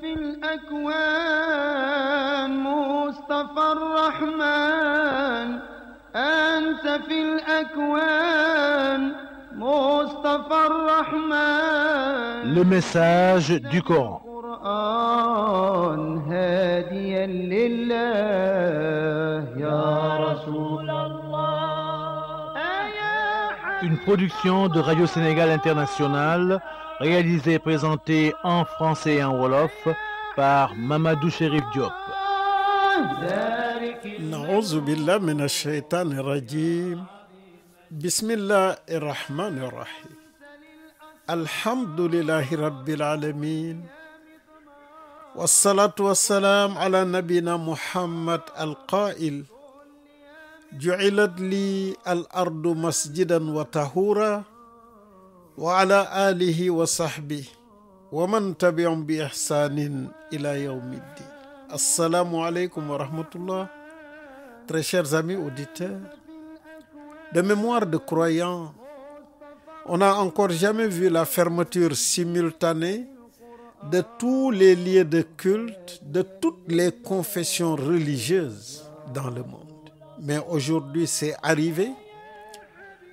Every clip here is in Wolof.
في الأكوان مصطفى الرحمن أنت في الأكوان مصطفى الرحمن Le message du Coran هاديا لله production de Radio Sénégal International, réalisée et présentée en français et en wolof par Mamadou Chérif Diop. Naouzu billah mina shaytani rajim. Bismillahi rahmani rahim. Alhamdulillahi rabbil alamin. Wassalatu wassalamu ala nabina Muhammad al-Qail. jucilat lii al ardu wa tahuura wa ala wa sahbi wa man tabiahum bi ihsanin ila yawmi ddin assalaamu aleykum wa rahmatullah très chers amis auditeurs de mémoire de croyants on n'a encore jamais vu la fermeture simultanée de tous les lieux de culte de toutes les confessions religieuses dans le monde mais aujourd'hui c'est arrivé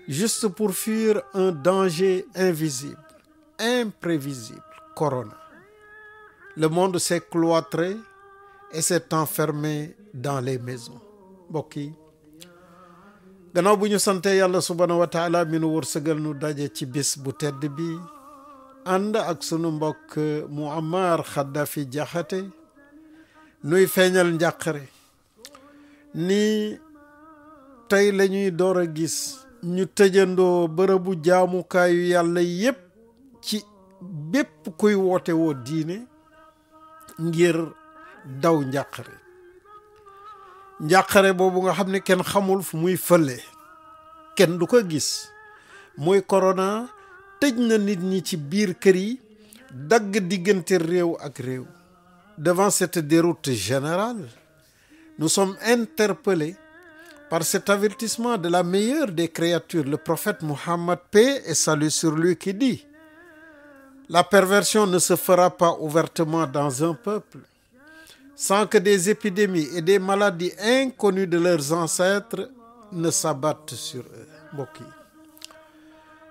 juste pour fuir un danger invisible, imprévisible, Corona. Le monde s'est cloîtré et s'est enfermé dans les maisons mbokk yi gannaaw bu ñu santee yàlla subhaanahu wa taala mi nu nu daje ci bis bu tedd bi ànd ak sunu mbokk Muammar Khadafi Diakhaté nuy feeñal njàqare ni tey lañuy door a gis ñu tëjandoo bërëbu jaamukaayu yàlla yépp ci bépp kuy woote woo diine ngir daw njàqare njàqare boobu nga xam ne kenn xamul fu muy fële kenn du ko gis mooy corona tëj na nit ñi ci biir kër yi dagg diggante réew ak réew devant cette déroute générale nous sommes interpellés par cet avertissement de la meilleure des créatures, le prophète Muhammad, paix et salut sur lui, qui dit La perversion ne se fera pas ouvertement dans un peuple, sans que des épidémies et des maladies inconnues de leurs ancêtres ne s'abattent sur eux mbokk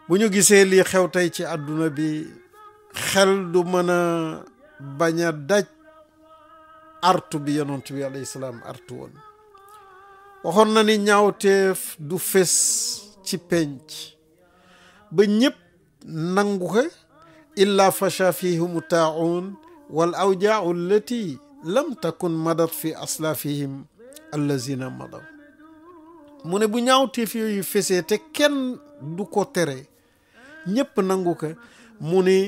bu ñu gisee lii xew tey ci àdduna bi xel du mën a bañ a daj artu bi yonent bi alayhi salaam waxoon na ni ñaawteef du fés ci penc ba ñëpp nangu ko illaa fasha fihimu taaun wal awjaau allati lam takun madat fi aslafihim allazina madaw mu ne bu ñaawteef yooyu fesee te kenn du ko tere ñëpp nangu ko mu ne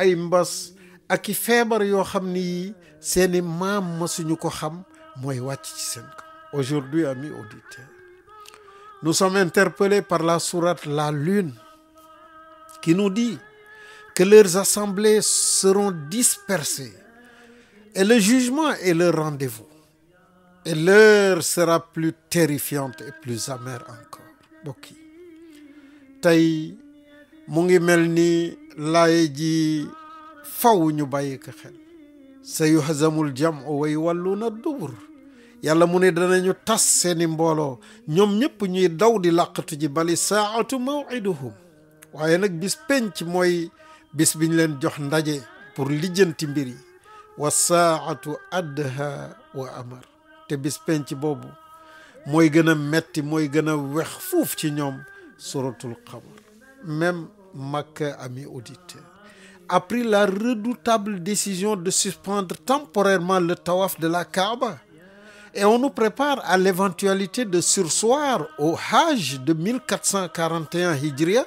ay mbas ak i feebar yoo xam ni seeni maam ma suñu ko xam mooy wàcc ci seen kaw Aujourd'hui, amis auditeurs, nous sommes interpellés par la sourate La Lune qui nous dit que leurs assemblées seront dispersées et le jugement est leur rendez-vous. Et l'heure sera plus terrifiante et plus amère encore. mbokk yi mu ngi mel ni la ji faw ñu bàyyi ko xel sa yuhzamul jam'u way wàllu na dubur yàlla mu ne danañu tas seeni mbooloo ñoom ñëpp ñuy daw di làqatu ji bali saatu mawiduhum waaye nag bis penc mooy bis bi leen jox ndaje pour lijjanti mbir yi wa saatu adha wa amar te bis penc boobu mooy gën a metti mooy gën a wex fuuf ci ñoom suratul qamar même Makka ami auditeur a pris la redoutable décision de suspendre temporairement le tawaf de la Kaaba et on nous prépare à l'éventualité de sursoir au Hajj de 1441 Hijriya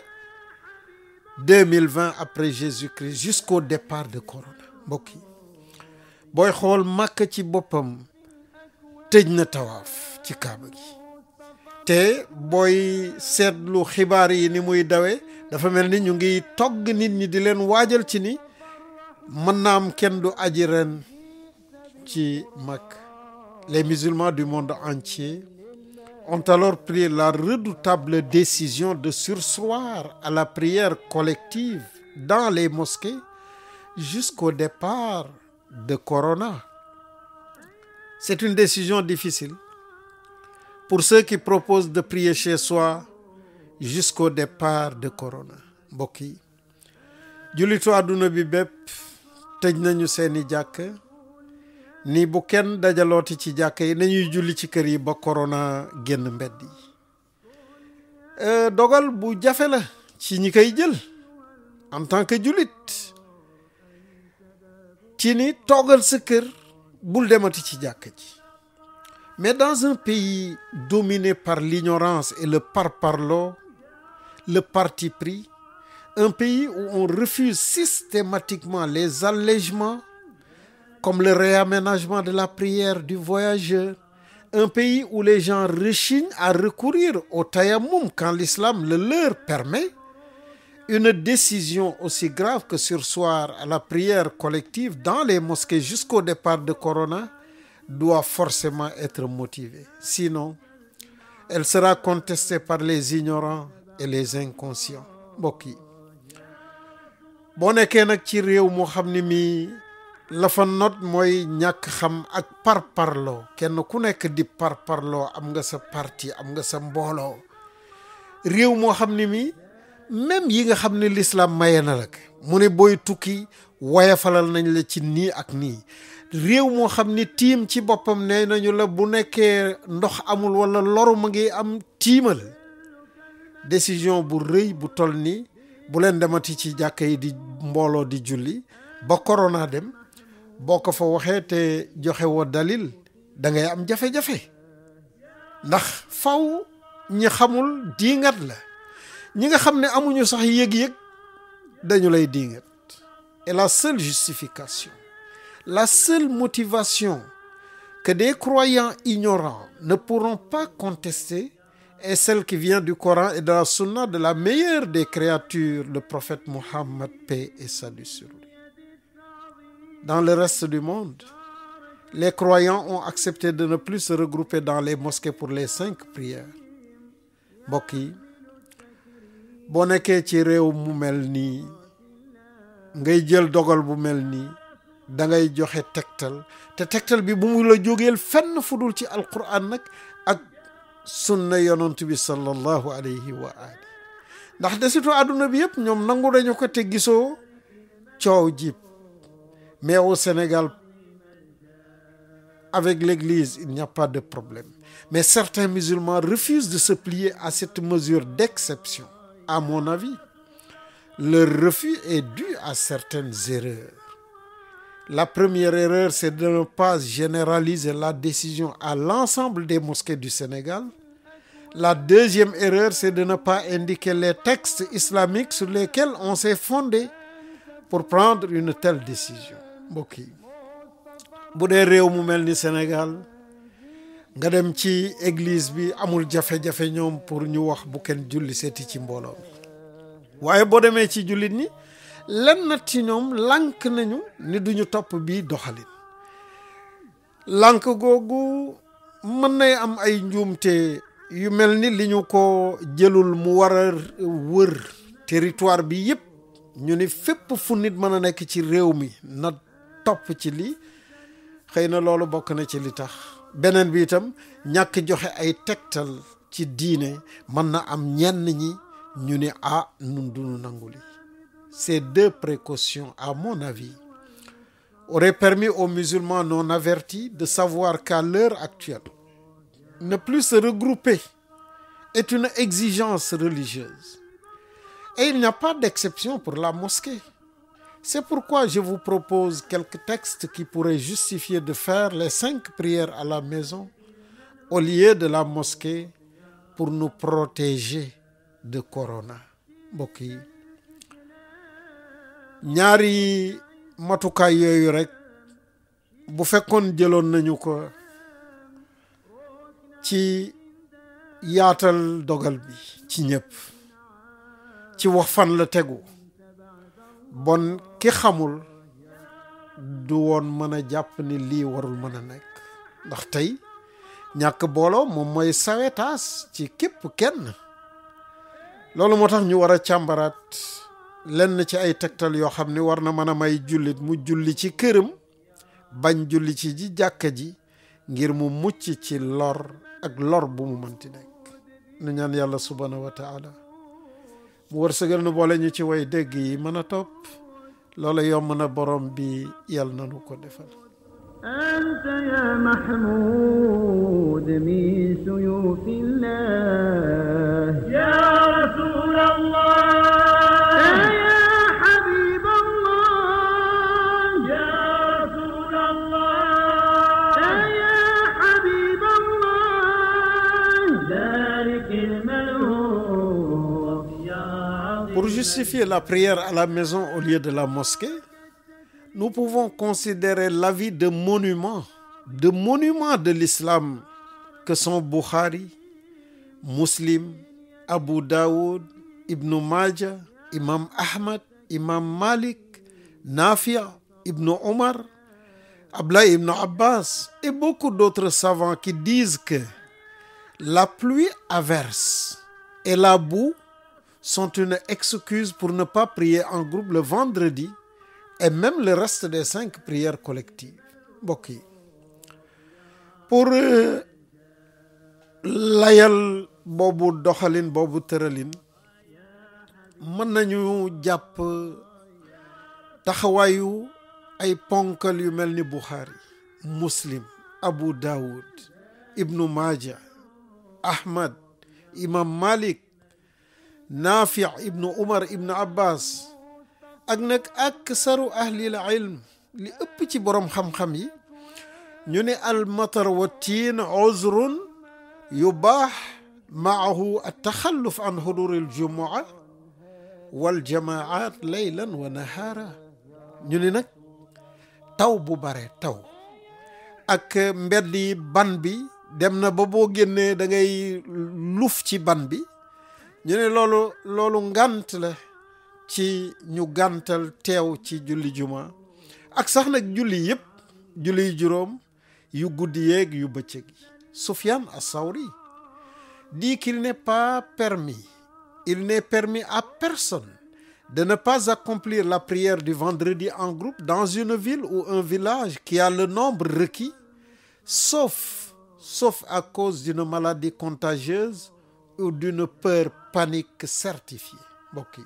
2020 après Jésus-Christ jusqu'au départ de Corona mbokk yi booy xool makk ci boppam tëj na tawaaf ci kaaba gi te booy seetlu xibaar yi ni muy dawee dafa mel ni ñu ngi togg nit ñi di leen waajal ci ni mën naam kenn du aji ren ci Màkk les musulmans du monde entier ont alors pris la redoutable décision de sursoir à la prière collective dans les mosquées jusqu'au départ de Corona. C'est une décision difficile pour ceux qui proposent de prier chez soi jusqu'au départ de Corona mbokk yi jullitu àdduna bi bépp tëj nañu seeni jàkk ni bu kenn dajalooti ci jàkka yi nañuy julli ci kër yi ba corona génn mbedd yi euh, dogal bu jafe la ci ñi koy jël en tant que jullit ci ni toogal sa kër bul demati ci jàkka ji mais dans un pays dominé par l'ignorance et le parparloo le parti pris un pays où on refuse systématiquement les allègements comme le réaménagement de la prière du voyageur, un pays où les gens rechignent à recourir au tayammum quand l'islam le leur permet, une décision aussi grave que soir à la prière collective dans les mosquées jusqu'au départ de Corona doit forcément être motivée. Sinon, elle sera contestée par les ignorants et les inconscients. mbokk yi boo nekkee nag ci réew la not mooy ñàkk xam ak parparloo kenn ku nekk di parparloo am nga sa parti am nga sa mbooloo réew moo xam ne mi même yi nga xam ne l'islam maye na la mu ne booy tukki wayafalal nañ la ci nii ak nii réew moo xam ni tiim ci boppam nee nañu la bu nekkee ndox amul wala loru ma ngi am tiimal décision bu rëy bu toll nii bu leen demati ci jàkk yi di mbooloo di julli ba corona dem boo ko fa waxee te joxe woo dalil da ngay am jafe-jafe ndax faw ñi xamul diingat la ñi nga xam ne amuñu sax yëg-yëg dañu lay diingat et la seule justification la seule motivation que des croyants ignorants ne pourront pas contester est celle qui vient du Coran et de la Sunna de la meilleure des créatures le prophète Mohammed paix et salut sur lui Dans le reste du monde, les croyants ont accepté de ne plus se regrouper dans les mosquées pour les cinq prières mbokk yi boo nekkee ci réew mu mel nii ngay jël dogal bu mel nii dangay ngay joxe tegtal te tegtal bi bu mu la jógeel fenn fu dul ci alquran nag ak sunna yonent bi sallallahu alayhi wa ali ndax de surtout àdduna bi yëpp ñoom nangu dañu ko te gisoo coow jib Mais au Sénégal, avec l'Église, il n'y a pas de problème. Mais certains musulmans refusent de se plier à cette mesure d'exception. À mon avis, leur refus est dû à certaines erreurs. La première erreur, c'est de ne pas généraliser la décision à l'ensemble des mosquées du Sénégal. La deuxième erreur, c'est de ne pas indiquer les textes islamiques sur lesquels on s'est fondé pour prendre une telle décision. mbokk yi bu dee réew mu mel ni Sénégal nga dem ci église bi amul jafe-jafe ñoom pour ñu wax bu kenn julli seeti ci mbooloo mi waaye boo demee ci jullit ñi lenn nat ci ñoom lànk nañu ni duñu topp bii doxalin lànk googu mën nay am ay njuumte yu mel ni li ñu ko jëlul mu war a wër territoire bi yépp ñu ni fépp fu nit mën a nekk ci réew mi na topp ci lii xëy na loolu bokk na ci li tax beneen bi itam ñàkk joxe ay tegtal ci diine mën na am ñenn ñi ñu ni ah nun duñu nangu li ces deux précautions à mon avis auraient permis aux musulmans non avertis de savoir qu'à l'heure actuelle ne plus se regrouper est une exigence religieuse et il n'y a pas d'exception pour la mosquée C'est pourquoi je vous propose quelques textes qui pourraient justifier de faire les cinq prières à la maison au lieu de la mosquée pour nous protéger de corona mbokk ñaari matukaay yooyu rek bu fekkoon jëloon nañu ko ci yaatal dogal bi ci ñëpp ci wax fan la tegu ki xamul du woon mën a jàpp ni lii warul mën a nekk ndax tey ñàkk booloo moom mooy sawetaas ci képp kenn loolu moo tax ñu war a càmbaraat lenn ci ay tegtal yoo xam ni war na mën a may jullit mu julli ci këram bañ julli ci ji jàkka ji ngir mu mucc ci lor ak lor bu mu mënti nekk nu ñaan yàlla subhaanahu wa taala mu wërsëgal nu boole ñu ci way dégg yi mën a topp loola yomb na borom bi yal nanu ko defal anta ya mahmud min suyufillah justifier la prière à la maison au lieu de la mosquée, nous pouvons considérer l'avis de monuments, de l'islam que sont Bukhari, Muslim, Abu Daoud, Ibn Majah, Imam Ahmad, Imam Malik, Nafi' Ibn Omar, Abdullah Ibn Abbas et beaucoup d'autres savants qui disent que la pluie averse et la sont une excuse pour ne pas prier en group le vendredi et même le reste des cinq prières collectives mbokk yi pour euh, layal boobu doxalin boobu tëralin mën nañu jàpp taxawaayu ay ponkal yu mel ni Bukhari Muslim Abu Dawud Ibnu Maja Ahmad Imam Malik naafi ibnu umar ibnu abbas ak saru aksaru ahlil ilm li ëpp ci borom xam yi ñu ne almatar wa tiin uzrun yu baax maahu altaxalluf an xuduri aljumua waljamaat laylan wa nahaara ñu ne nag taw bu bare taw ak mbedd yi dem na ba boo génnee da ngay luf ci ban bi ñu ne loolu loolu la ci ñu gàntal teew ci julli juma ak sax nag julli yëpp julli juróom yu guddi yeeg yu bëccëg yi Sufyan as-Sawri dit qu'il n'est pas permis il n'est permis à personne de ne pas accomplir la prière du vendredi en groupe dans une ville ou un village qui a le nombre requis sauf sauf à cause d'une maladie contagieuse ou d'une peur panique certifiée mbokk yi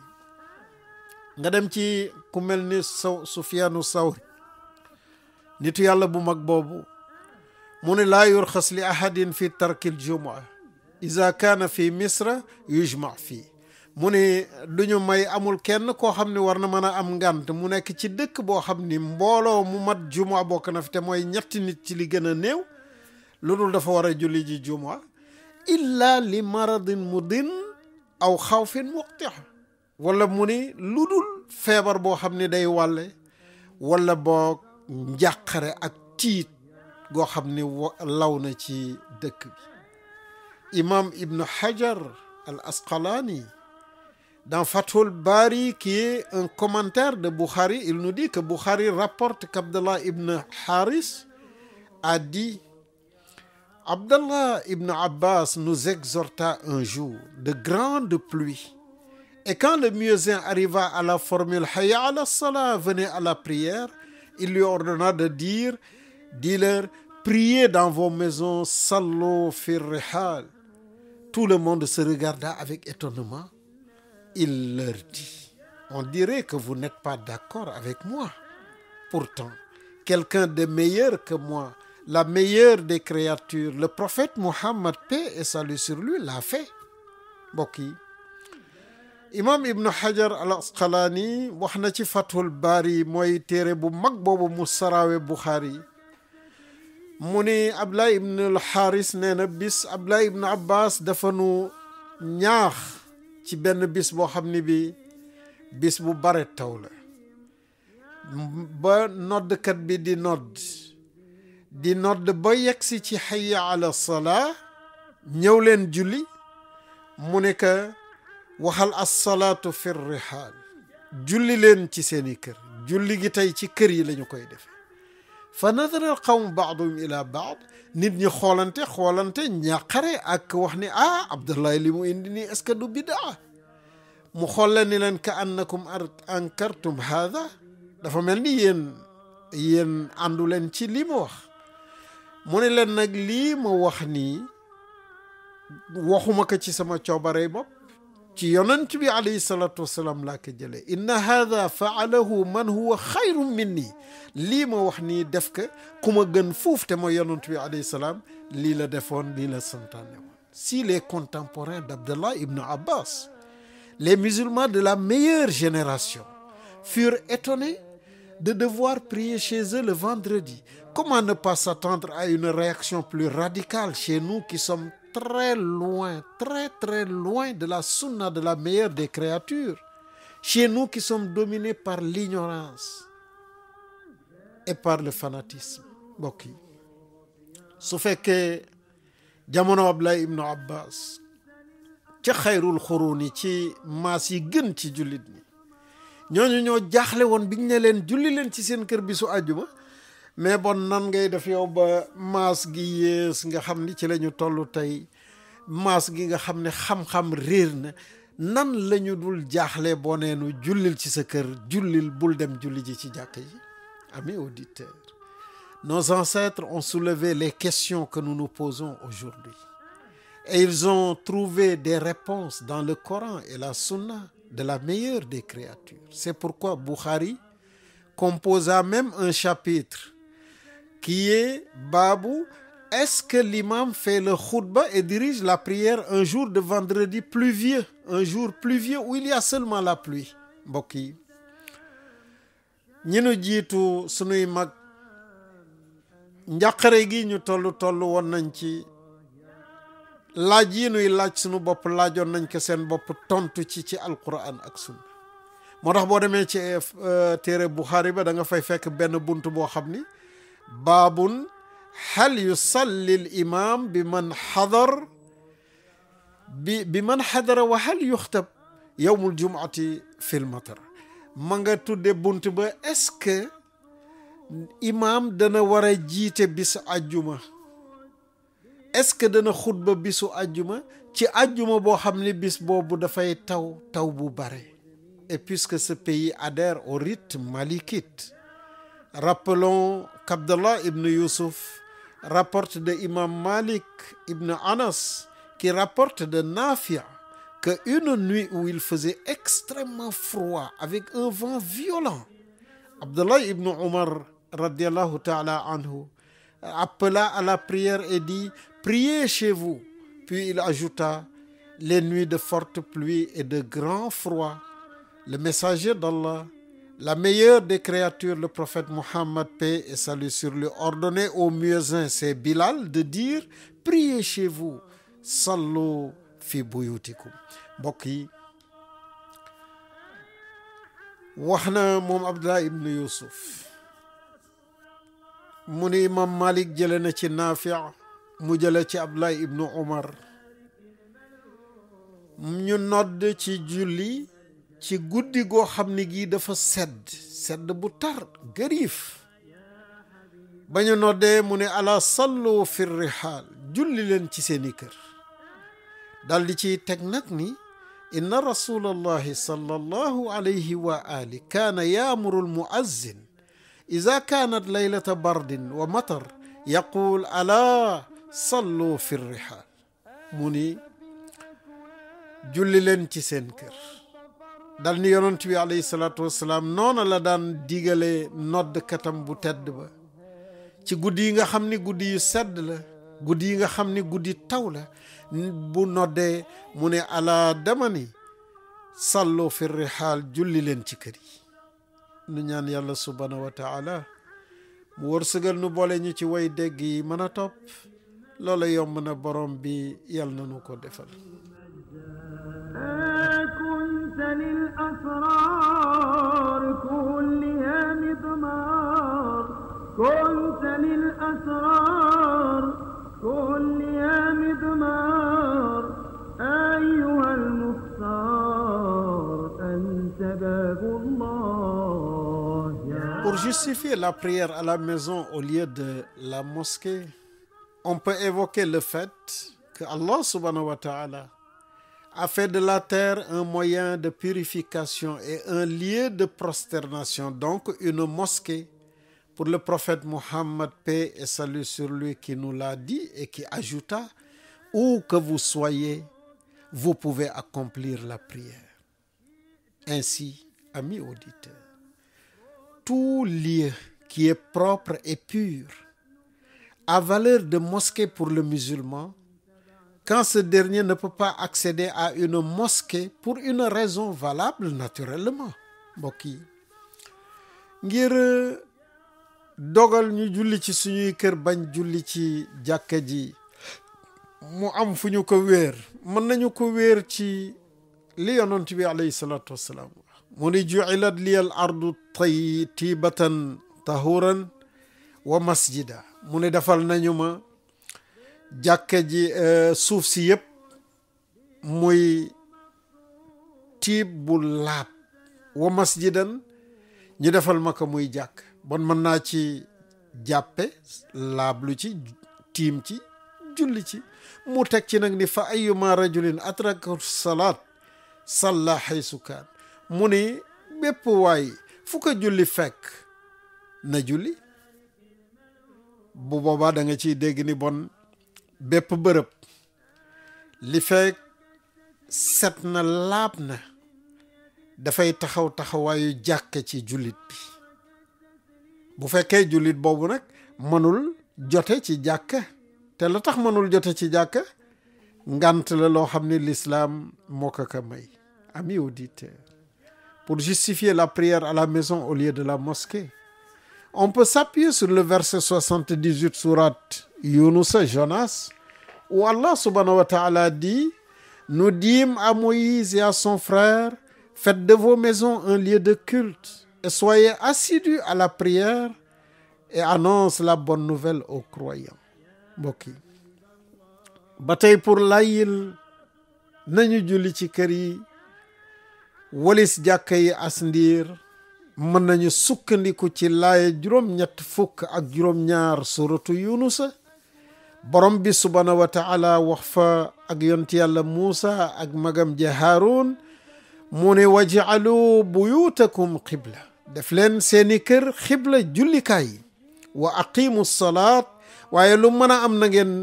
nga dem ci ku mel ni saw Sufyaanu Sawri nitu yàlla bu mag boobu mu ne laa yurxas li ahadin fi tarkil jumaa iza kaana fi misra yujma fii mu ne du may amul kenn koo xam ne war na mën a am ngànt mu nekk ci dëkk boo xam ni mbooloo mu mat jumaa bokk na fi te mooy ñetti nit ci li gën a néew lu dul dafa war a julli jumaa illa li maradin mudin aw xawfin muqtix wala mu ni lu dul feebar boo xam ne day wàlle wala boog njàqare ak tiit goo xam ne law na ci dëkk bi imam ibnu hajar al asqalani dans Fathul Bari qui est un commentaire de Bukhari il nous dit que Bukhari rapporte qu'Abdallah ibn Haris a dit Abdallah ibn Abbas nous exhorta un jour de grandes pluies. Et quand le muezzin arriva à la formule Hayya ala salah, venez à la prière, il lui ordonna de dire, dis-leur, priez dans vos maisons, sallu fi rihal. Tout le monde se regarda avec étonnement. Il leur dit, on dirait que vous n'êtes pas d'accord avec moi. Pourtant, quelqu'un de meilleur que moi la meilleure des créatures le prophète Muhammad paix et salut sur lui l'a fait mbokk yi imam ibnu hajar al asqalaani wax na ci fathul baari mooy téere bu mag boobu mu saraawe buxaari mu ni abdullah ibn al xaaris bis abdullah ibn abbas dafa nu ñaax ci benn bis boo xam ni bi bis bu bare taw la ba noddkat bi di nod di nodd ba yegsi ci hayya ala salaa ñëw leen julli mu ne que waxal assalaatu fi rihaal julli leen ci seeni kër julli gi tey ci kër yi lañu koy def fa nadara al qawm baaduhum ila baad nit ñi xoolante xoolante ñàqare ak wax ni ah Abdullahi li mu indi nii est-ce que du bidaa mu xool leen ni ankartum haada dafa mel ni yéen yéen àndu leen ci li mu wax mu ne leen nag lii ma wax ni waxuma ko ci sama coobarey bopp ci yonent bi alayhi salatu wasalaam laa ko jëlee inna haada faalahu man huwa xayru minni lii ma wax nii def ko ku ma gën fuuf te ma yonent bi alayhi salaam lii la defoon lii la santaane si les contemporains d'Abdallah ibn Abbas les musulmans de la meilleure génération furent étonnés de devoir prier chez eux le vendredi. Comment ne pas s'attendre à une réaction plus radicale chez nous qui sommes très loin, de la sunna de la meilleure des créatures, chez nous qui sommes dominés par l'ignorance et par le fanatisme mbokk yi su fekkee jamono Abdullah ibnu Abbas ca xayrul xuruuni ci maas yi gën ci jullit ñooñu ñoo jaaxle woon bi biñ ne leen julli leen ci seen kër bi su àjjuma mais bon nan ngay def yow ba maas gi yées nga xam ni ci la ñu toll tey maas gi nga xam ne xam-xam réer na nan lañu dul jaaxle boo neenu jullil ci sa kër jullil bul dem julli ji ci jàkk ji amis auditeurs nos ancêtres on soulevé les question que nu nous posons aujourd'hui et ils ont trouvé des réponses dans le Coran et la Sunna de la meilleure des créatures. C'est pourquoi Bukhari composa même un chapitre qui est Babu, est-ce que l'imam fait le khutba et dirige la prière un jour de vendredi pluvieux, un jour pluvieux où il y a seulement la pluie mbokk yi ñi nu jiitu sunuy mag njàqare gi ñu tollu tollu woon nañ ci laaj yi nuy laaj sunu bopp laajoon nañ ko seen bopp tontu ci ci alquran ak sunna moo tax boo demee ci eh, eh, téere Buxaari ba da fay fekk benn bunt boo xam ni baabun hal yusalli l imam bi man xadar bi bi man xadara wa hal yuxtab yowmul jumuati fil matar ma nga tudde bunt ba est-ce imam dana war a jiite bis àjjuma est-ce que dana xutba bisu ajuma ci ajuma boo xam ne bis boobu dafay taw taw bu bare et puisque ce pays adhère au rite malikite rappelons qu'Abdallah ibn Yusuf rapporte de imam Malik ibn Anas qui rapporte de Nafia que une nuit où il faisait extrêmement froid avec un violent Abdallah ibn Omar radiallahu taala anhu appela à la prière et priez chez vous. Puis il ajouta, les nuits de forte pluie et de grand froid, le messager d'Allah, la meilleure des créatures, le prophète Mohammed, paix et salut sur lui, ordonnait au muezzin, c'est Bilal, de dire, priez chez vous, sallu fi buyutikum mbokk yi wax na moom Abdullah ibn Yusuf mu ni imam Malik jële na ci Naafi' mu jële ci Abdullah ibnu Umar ñu nodd ci julli ci guddi goo xam ne gii dafa sedd sedd bu tar gëriif ba ñu mu ne ala sallu fi rihaal julli leen ci seeni kër dal di ciy teg nag ni inna rasulallahi sallallahu alayhi wa ali kaana yaamuru almuazzin ida kaanat laylata bardin wa matar yaqul ala sallu fi rihaal mu ni julli leen ci seen kër dal ni yonent bi alayhi salaatu wasalaam noona la daan digale nodd katam bu tedd ba ci guddi yi nga xam ni guddi yu sedd la guddi yi nga xam ni guddi taw la bu noddee mu ne alaa dama ni sallu fi rihaal julli leen ci kër yi nu ñaan yàlla subhaanahu wa mu wërsëgal nu boole ñu ci way dégg yi mën a topp loola yomb na borom bi yal na nu ko defal Pour justifier la prière à la maison au lieu de la mosquée on peut évoquer le fait que subhanahu ta'ala a fait de la terre un moyen de purification et un lieu de prosternation, donc une mosquée pour le prophète Mohammed, paix et salut sur lui, qui nous l'a dit et qui ajouta, où que vous soyez, vous pouvez accomplir la prière. Ainsi, amis auditeurs, tout lieu qui est propre et pur à valeur de mosquée pour le musulman quand ce dernier ne peut pas accéder à une mosquée pour une raison valable naturellement mbokk yi ngir euh, dogal ñu julli ci suñuy kër bañ julli ci jàkka ji mu am fu ñu ko wéer mën nañu ko wéer ci li yonent bi alayhi salaatu wassalaam mu ni ju'ilat liyal ardu tayyibatan tahuran wa masjida mu ne defal nañu ma jàkke ji euh, suuf si yëpp muy tiib bu laab wa masjidan ñu defal ma ko muy jàkk bon mën naa ci jàppe laablu ci tiim ci julli ci mu teg ci nag ni fa ayuma rajulin atraka salaat salla haysu kaan mu ni bépp waay fu julli fekk na julli bu boobaa da nga ciy dégg ni bon bépp bërëb li fekk set na laab na dafay taxaw taxawaayu jàkk ci jullit bi bu fekkee jullit boobu nag mënul jote ci jàkk te la tax mënul jote ci jàkk ngant la loo xam ne lislaam moo ko ka may amis auditeurs pour justifier la prière à la maison au lieu de la mosquée on peut s'appuyer sur le verset 78 sourate Yunus Jonas où Allah subhanahu wa dit nous dîmes à Moïse et à son frère faites de vos maisons un lieu de culte et soyez assidus à la prière et annonce la bonne nouvelle aux croyants mbokk yi ba pour layil nañu julli ci kër yi walis jàkka mën nañu sukkandiku ci lay juróom-ñett fukk ak juróom-ñaar suratu yunus borom bi subhaanahu wa taala wax fa ak yonti yàlla muusa ak magam ja haaruun mu ne wajcalu buyuutakum xibla def leen seeni kër xibla jullikaay yi wa aqimu salaat waaye lu mën a am na ngeen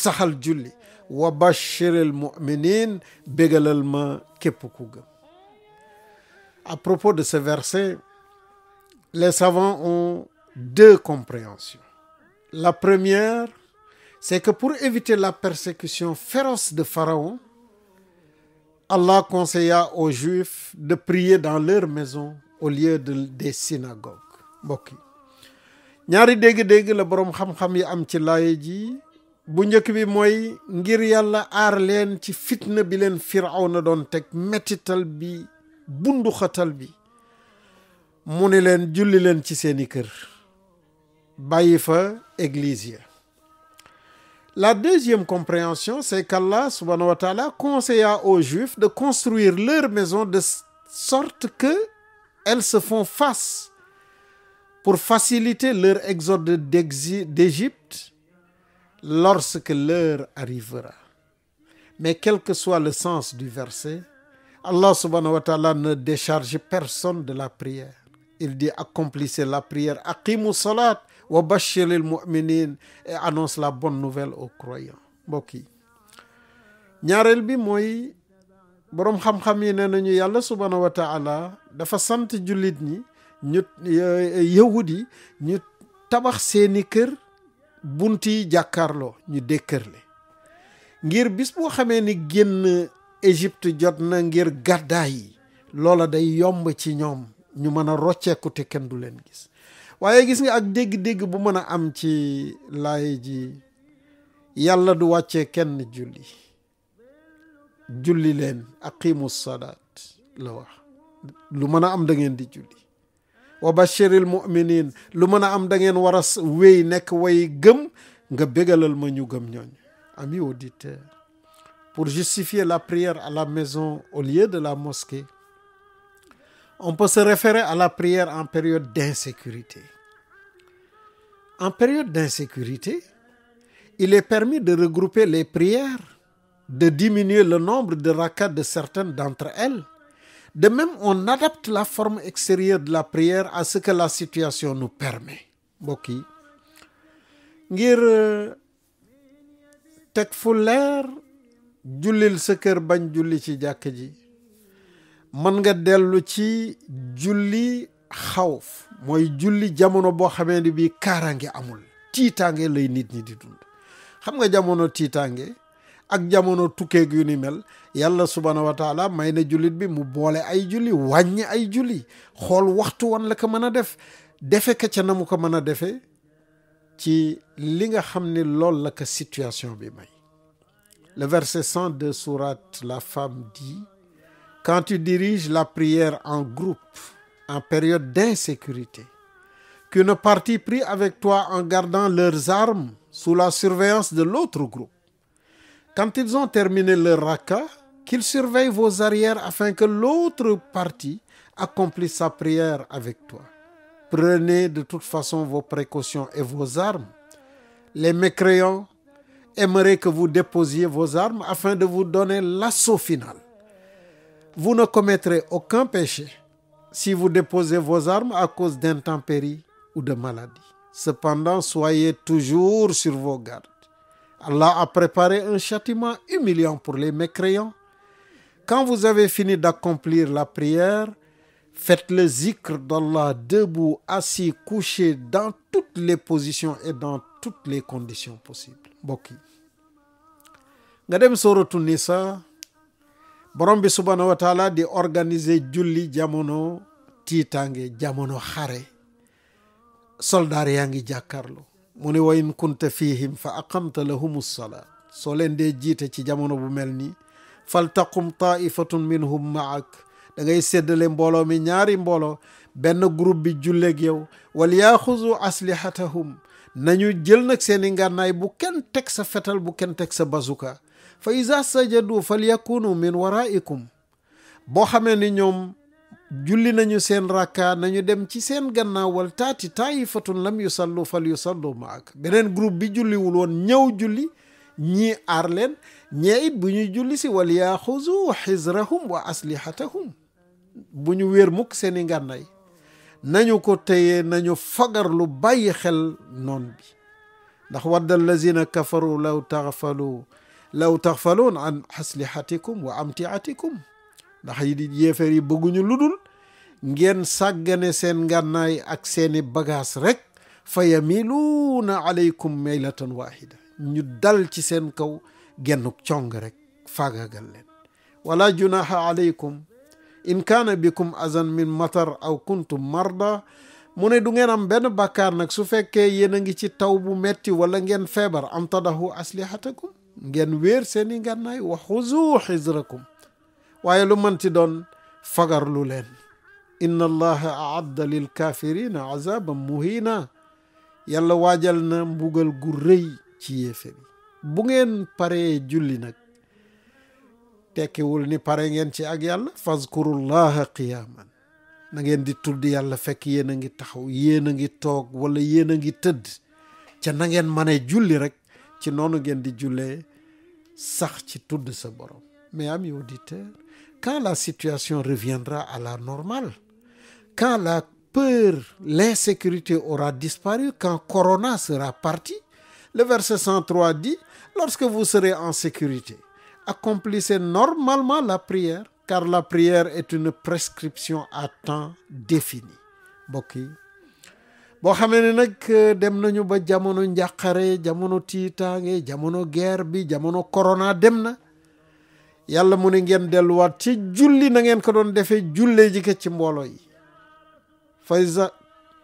saxal julli wa bashiril muminin bégalal ma képp ku gëm À propos de ce verset, les savants ont deux compréhensions. La première, c'est que pour éviter la persécution féroce de Pharaon, Allah conseilla aux Juifs de prier dans leur maison au lieu de des synagogues mbokk yi ñaari dégg la boroom xam-xam yi am ci laaya ji bu njëkk bi mooy ngir yàlla aar leen ci fitna bi leen Firawna doon teg bi bundu xatal bi mu ni leen julli leen ci seeni kër bàyyi fa église la deuxième compréhension c'est qu'Allah subhanahu wa ta'ala conseilla aux juifs de construire leur maison de sorte que elles se font face pour faciliter leur exode d'Égypte lorsque l'heure arrivera mais quel que soit le sens du verset Allah subhanahu wa na ne décharge personne de la prière. Il dit accomplissez la prière, aqimu salat wa bashiril mu'minin et annonce la bonne nouvelle aux croyants. mbokk yi ñaareel bi mooy boroom xam-xam yi nee nañu yàlla subhanahu wa dafa sant jullit ñi ñu eh, yahud yi ñu tabax seeni kër bunti jàkkaarloo ñu dékkërle ngir bis boo xamee ni génn Égypte jot na ngir gàddaay yi loola da yomb ci ñoom ñu mën a rocceeku te kenn du leen gis waaye gis nga ak dégg-dégg bu mën a am ci laay ji yàlla du wàcce kenn julli julli leen aqimu salaat la wax lu mën a am da ngeen di julli wa bashiril muminin lu mën a am da ngeen war a wéy nekk way gëm nga bégalal ma ñu gëm ñooñ ami auditeur pour justifier la prière à la maison au lieu de la mosquée. On peut se référer à la prière en période d'insécurité. En période d'insécurité, il est permis de regrouper les prières, de diminuer le nombre de rakats de certaines d'entre elles. De même, on adapte la forme extérieure de la prière à ce que la situation nous permet. mbokk yi ngir euh, jullil sa kër bañ julli ci jàkk ji mën nga dellu ci julli xaw mooy julli jamono boo xamee ni bii kaaraangi amul tiitaange lay nit ñi di dund xam nga jamono tiitaange ak jamono tukkeeg yu ni mel yàlla subhaanahu wa may na jullit bi mu boole ay julli wàññi ay julli xool waxtu wan la ko mën a def defe ka ca na mu ko mën a defe ci li nga xam ni lool la ko situation bi may Le verset 102 sourate, la femme dit, Quand tu diriges la prière en groupe, en période d'insécurité, qu'une partie prie avec toi en gardant leurs armes sous la surveillance de l'autre groupe. Quand ils ont terminé leur raka, qu'ils surveillent vos arrières afin que l'autre partie accomplisse sa prière avec toi. Prenez de toute façon vos précautions et vos armes. Les mécréants aimerait que vous déposiez vos armes afin de vous donner l'assaut final. Vous ne commettrez aucun péché si vous déposez vos armes à cause d'intempéries ou de maladies. Cependant, soyez toujours sur vos gardes. Allah a préparé un châtiment humiliant pour les mécréants. Quand vous avez fini d'accomplir la prière, faites le zikr d'Allah debout, assis, couché, dans toutes les positions et dans toutes les condition possibles mbokk yi nga dem sooratu nisa borom bi subhaanahu wa taala di organiser julli jamono tiitaange jamono xare soldaar yaa ngi jàkkarloo mu ne wa in kunta fihim fa aqamta lahum salaat soo leen dee jiite ci jamono bu mel nii faltaqum taifatun minhum maak da ngay séddale mbooloo mi ñaari mbooloo benn groupe bi julleeg yow wal yaaxuzu aslihatahum nañu jël nag seeni ngànnaay bu kenn teg sa fetal bu kenn teg sa bazuka fa iza sajadu falyakunu min waraikum boo xamee ni ñoom julli nañu seen rakka nañu dem ci seen gannaaw wal taati taifatun lam yusallu fal yusallu maak beneen groupe bi julliwul woon ñëw julli ñii aar leen ñee it bu ñuy julli si wal yaaxuzu xizrahum wa aslihatahum bu ñu wéer mukk seeni ngànnaay nañu ko téye nañu fagarlu bàyyi xel noon bi ndax wadda allazina kafaru law taxfalu law taxfaluun an aslihatikum wa amtiatikum ndax yi yéefar yi bëgguñu ludul ngeen sàggane seen ngànnaay ak seeni bagaas rekk fa yamiluuna aleykum maylatan waahida ñu dal ci seen kaw genn cong rekk faagagal leen wala junaha aleykum in kaana bikum azan min matar aw kuntum marda mu ne du ngeen am benn bàkkaar nag su fekkee yéen a ngi ci taw bu metti wala ngeen feebar am tadahu aslihatakum ngeen wéer seeni ngànnaay wa xuzu xizrakum waaye lu manti doon fagarlu leen inna allaha aadda lil kaafirina azaban muhina yàlla waajal na mbugal gu rëy ci yéeféri bu ngeen paree julli nag tekkiwul ni pare ngeen ci ak yàlla fazkurullaha qiyaaman na ngeen di tudd yàlla fekk yéen a ngi taxaw yéen a ngi toog wala yéen a ngi tëdd ca na ngeen mënee julli rek ci noonu ngeen di jullee sax ci tudd sa borom mais amis auditeurs quand la situation reviendra à la normal kan la peur l'insécurité aura disparu quand corona sera parti le verset di dit que vous serez en sécurité accomplissez normalement la prière car la prière est une prescription à temps défini mbokk yi boo xamee ne nag euh, dem nañu ba jamono njàqare jamono tiitaange jamono guerre bi jamono corona dem na yàlla mu ne ngeen delluwaat ci julli na ngeen ko doon defee jullee ji ci mbooloo yi fa iza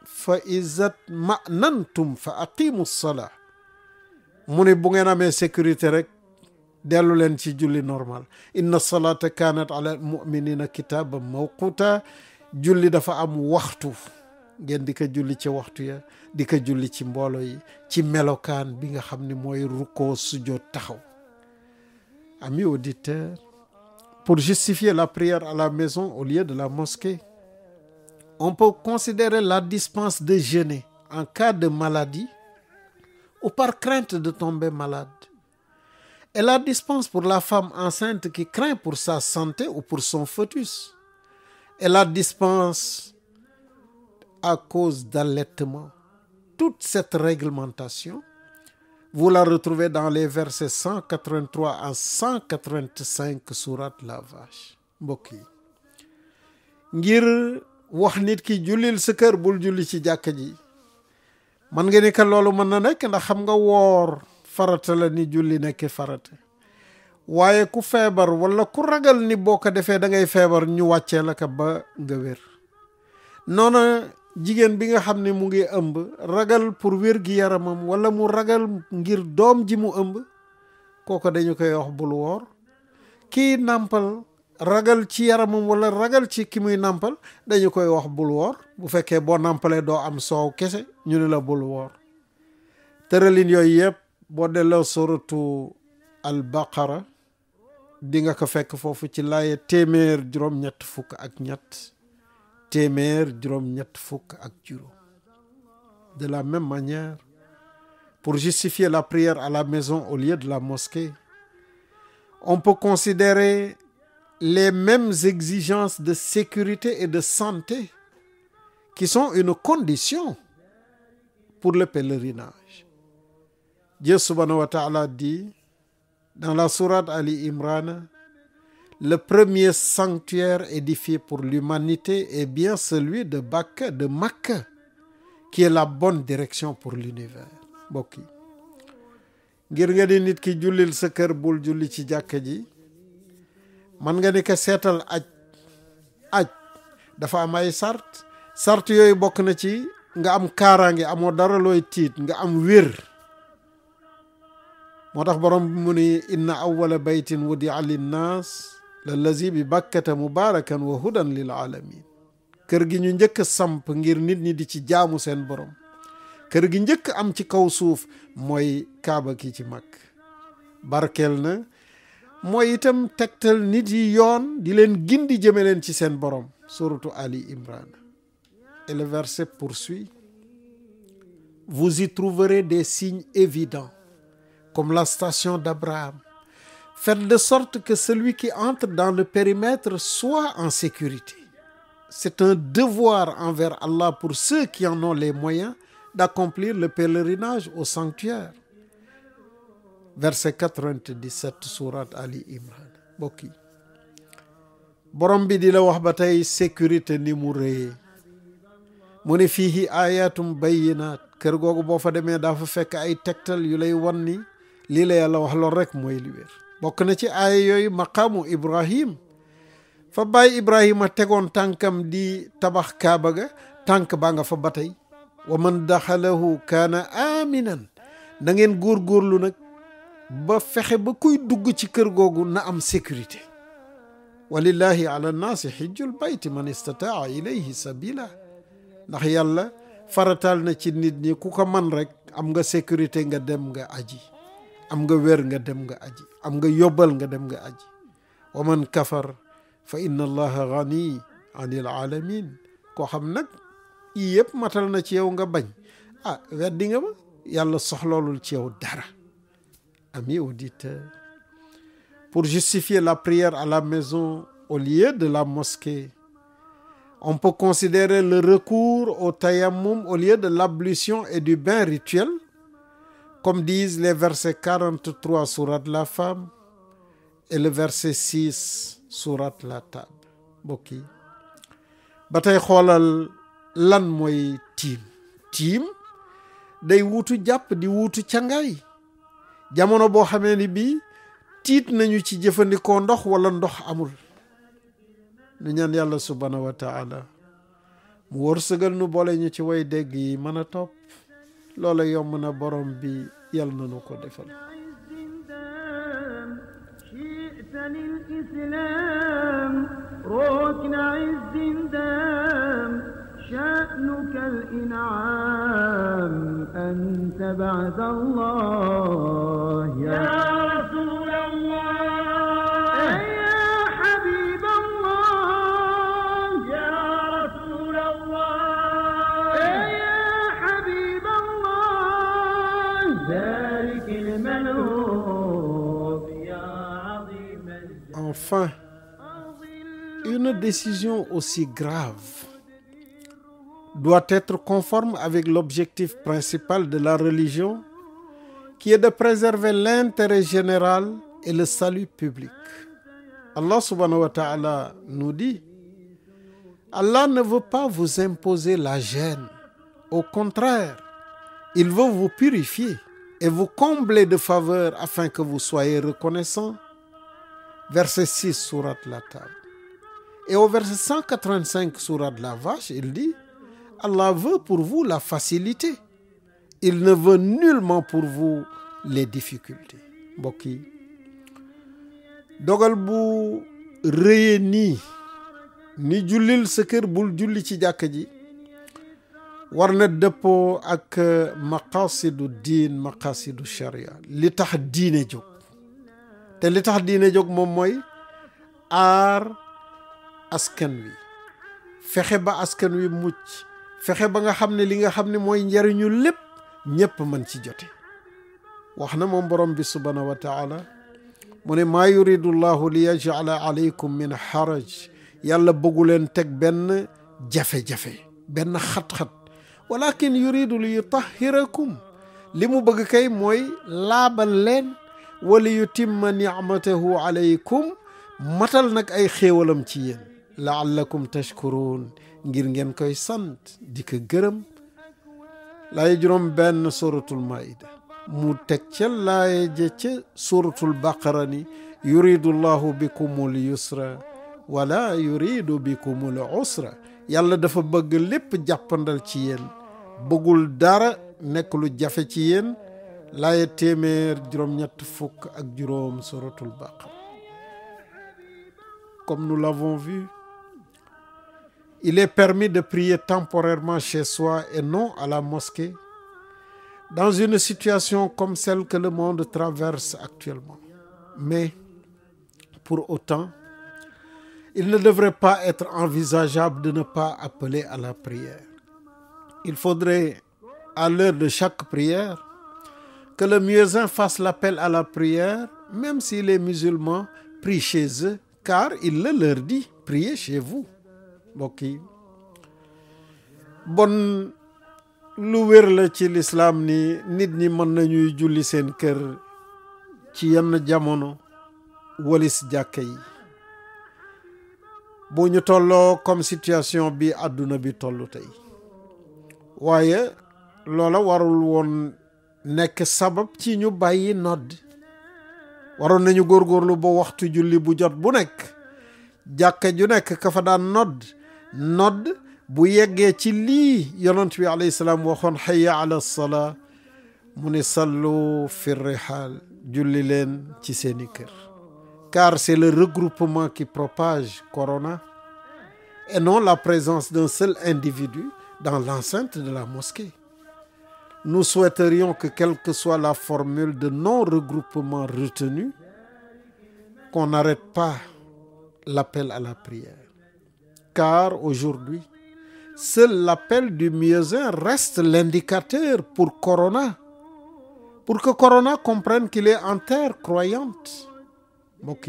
fa izat manantum fa aqimu salaa mu ne bu ngeen amee sécurité rek dellu leen ci julli normal inna salata kanat ala muminina kitaba mawquta julli dafa am waxtu ngeen di ko julli ci waxtu ya di ko julli ci mboolo yi ci melokaan bi nga xam ni mooy rukkoo sujjoot taxaw amis auditeurs pour justifier la prière à la maison au lieu de la mosquée on peut considérer la dispense de jeûner en cas de maladie ou par crainte de tomber malade et la dispense pour la femme enceinte qui craint pour sa santé ou pour son fœtus. Et la dispense à cause d'allaitement. Toute cette réglementation, vous la retrouvez dans les versets 183 à 185 sourate la vache mbokk yi ngir wax nit ki jullil sa kër bul julli ci jàkk ji man nga ni que loolu mën na nekk ndax xam nga woor farata la ni julli nekk farata waaye ku feebar walla ku ragal ni boo ko defee da ngay feebar ñu wàccee la ka ba nga wér noona jigéen bi nga xam ne mu ngi ëmb ragal pour wér gi yaramam walla mu ragal ngir doom ji mu ëmb kooko dañu koy wax bul woor kii nàmpal ragal ci yaramam walla ragal ci ki muy nàmpal dañu koy wax bulwoor bu fekkee boo nàmpalee doo am soow kese ñu ne la bul woor tëralin yooyu yëpp boo delloo suratu albaqara di nga ko fekk foofu ci laaye témér juróom-ñett fukk ak ñett de la même manière pour justifier la prière à la maison au lieu de la mosquée on peut considérer les mêmes exigences de sécurité et de santé qui sont une condition pour le pèlerinage Dieu subhanahu wa ta'ala dans la sourate Ali Imran, le premier sanctuaire édifié pour l'humanité et bien celui de Bakka, de Makka, qui la bonn direction pour l'univers mbokk yi ngir nga ni nit ki jullil sa kër bul julli ci jàkka ji man nga ni ko seetal aj aj dafa am ay sart sart yooyu bokk na ci nga am kaaraange amoo dara looy tiit nga am wér moo tax boroom bi mu ni inna awwala baytin wudia linnaas lallazi bi bakkata mubarakan wa hudan lil alamin kër gi ñu njëkk samp ngir nit ñi di ci jaamu seen borom kër gi njëkk am ci kaw suuf mooy kaaba ki ci mag barkeel na mooy itam tegtal nit yi yoon di leen gindi jëme leen ci seen borom suratu Ali Imran et le verset poursuit vous y trouverez des signes évidents comme la station d'Abraham. Faites de sorte que celui qui entre dans le périmètre soit en sécurité. C'est un devoir envers Allah pour ceux qui en ont les moyens d'accomplir le pèlerinage au sanctuaire. Verset 97 sourate Ali Imran mbokk yi borom bi di la wax ba tey sécurité ni mu rëyee mu fii fiihi ayatum bayyinaat kër googu boo fa demee daa fa fekk ay tegtal yu lay wan ni lii la yàlla wax lool rek mooy li bokk na ci aaya yooyu maqaamu ibrahim fa bàyyi ibrahima tegoon tànkam di tabax kaaba ga tànk baa nga fa ba tey wa man daxalahu kaana aminan na ngeen góorgóorlu nag ba fexe ba kuy dugg ci kër googu na am sécurité walillahi ala nnaasi xijjul bayti man istataa ilayhi sabila ndax yàlla faratal na ci nit ñi ku ko man rek am nga sécurité nga dem nga aji am nga weer nga dem nga aji am nga yóbbal nga dem nga aji wa man kafar fa inna allaha ghani anil alamin koo xam nag yii yëpp matal na ci yow nga bañ a ah, weddi nga ma yàlla soxloolul ci yow dara amis auditeurs pour justifier la prière à la maison au lieu de la mosquée on peut considérer le recours au tayammum au lieu de l'ablution et du bain rituel comme disent les versets 43 sourate la femme et le verset 6 sourate la table mbokk yi ba tey xoolal lan mooy tiim tiim day wuutu jàpp di wuutu cangaay jamono boo xamee ni bii tiit nañu ci jëfandikoo ndox wala ndox amul nu ñaan yàlla subhanahu wa mu wërsëgal nu boole ñu ci way dégg yi mën a topp loola yomb na borom bi yal nanu ko defal شأنك Enfin, une décision aussi grave doit être conforme avec l'objectif principal de la religion, qui est de préserver l'intérêt général et le salut public. Allah subhanahu nous dit, Allah ne veut pas vous imposer la gêne. Au contraire, il veut vous purifier et vous combler de faveurs afin que vous soyez reconnaissants verset 6 sourate la table et au verset sourate la vache il dit Allah veut pour vous la facilité il ne veut nullement pour vous les difficultés mbokk yi dogal bu rëye nii ni jullil sa kër bul julli ci jàkk ji war na dëppoo ak maqasidu diin sharia li tax diine jóg te li tax diine jóg moom mooy aar askan wi fexe ba askan wi mucc fexe ba nga xam ne li nga xam ni mooy njariñu lépp ñépp mën ci jote wax na moom borom bi subhaanahu wa taala mu ne maa yuridu llahu li yajala aleykum min haraj yàlla bëggu leen teg benn jafe-jafe benn xat-xat walakin yuridu li yutahirakum li mu bëgg kay mooy laabal leen wala yutimma nicmatahu alaykum matal nag ay xéewalam ci yéen laallakum tashkuruun ngir ngeen koy sant di ko gërëm laay juróom benn suratul maida mu teg ca laaya ja ca suratul baqara ni yuridu llahu bikumul yusra wala yuridu bikumul usra yàlla dafa bëgg lépp jàppandal ci yéen bëggul dara nekk lu jafe ci yéen laaye téeméer juróom-ñett ak juróom suratul baqara comme nous l'avons vu il est permis de prier temporairement chez soi et non à la mosquée dans une situation comme celle que le monde traverse actuellement mais pour autant il ne devrait pas être envisageable de ne pas appeler à la prière il faudrait à l'heure de chaque prière que le muezzin fasse l'appel à la prière, même si les musulmans prient chez eux, car il le leur dit, chez vous. mbokk yi bon lu wér la ci lislaam ni nit ñi mën nañuy julli seen kër ci yenn jamono walis jàkka yi bu ñu tolloo comme situation bi àdduna bi toll tey waaye loola warul woon nekk sabab ci ñu bàyyi nodd waroon nañu góorgóorlu ba waxtu julli bu jot bu nekk jàkka ju nekk kafa daan nodd nodd bu yeggee ci lii yonent bi alayhi salaam waxoon xayya ala salaa mu ni sallu fi rihaal julli leen ci seeni kër car c'est le regroupement ki propage corona et non la présence d'un seul individu dans l'enceinte de la mosquée Nous souhaiterions que, quelle que soit la formule de non-regroupement retenue, qu'on n'arrête pas l'appel à la prière. Car aujourd'hui, seul l'appel du muezzin reste l'indicateur pour Corona, pour que Corona comprenne qu'il est en terre croyante. mbokk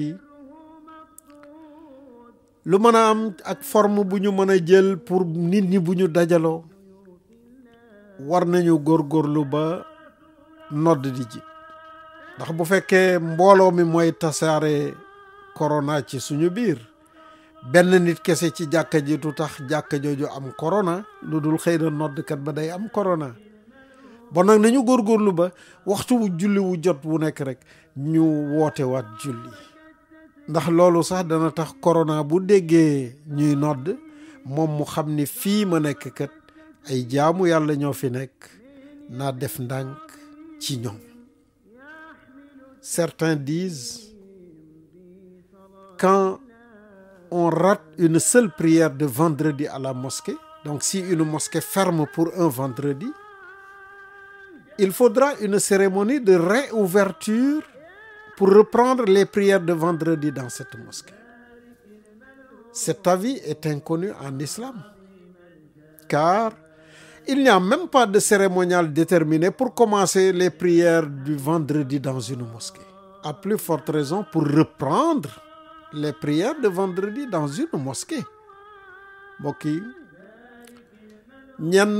lu mën a ak forme bu ñu mën a jël pour nit ñi bu ñu dajaloo war nañu góor góorlu ba nodd di ji ndax bu fekkee mbooloo mi mooy tasaare corona ci suñu biir benn nit kese ci jàkka ji du tax jàkka jooju am corona lu dul xëy na noddkat ba day am corona bon nag nañu góorlu ba waxtu wu julli wu jot wu nekk rek ñu woote waat julli ndax loolu sax dana tax corona bu déggee ñuy nodd moom mu xam ni fii ma nekk kat ay jaamu yàlla ñoo fi nekk naa def ndànk ci ñoom certains disent quand on rate une seule prière de vendredi à la mosquée donc si une mosquée ferme pour un vendredi il faudra une cérémonie de réouverture pour reprendre les prières de vendredi dans cette mosquée cet avis est inconnu en islam il n'y a même pas de cérémonial déterminé pour commencer les prières du vendredi dans une mosquée. À plus forte raison pour reprendre les prières de vendredi dans une mosquée. mbokk yi ñenn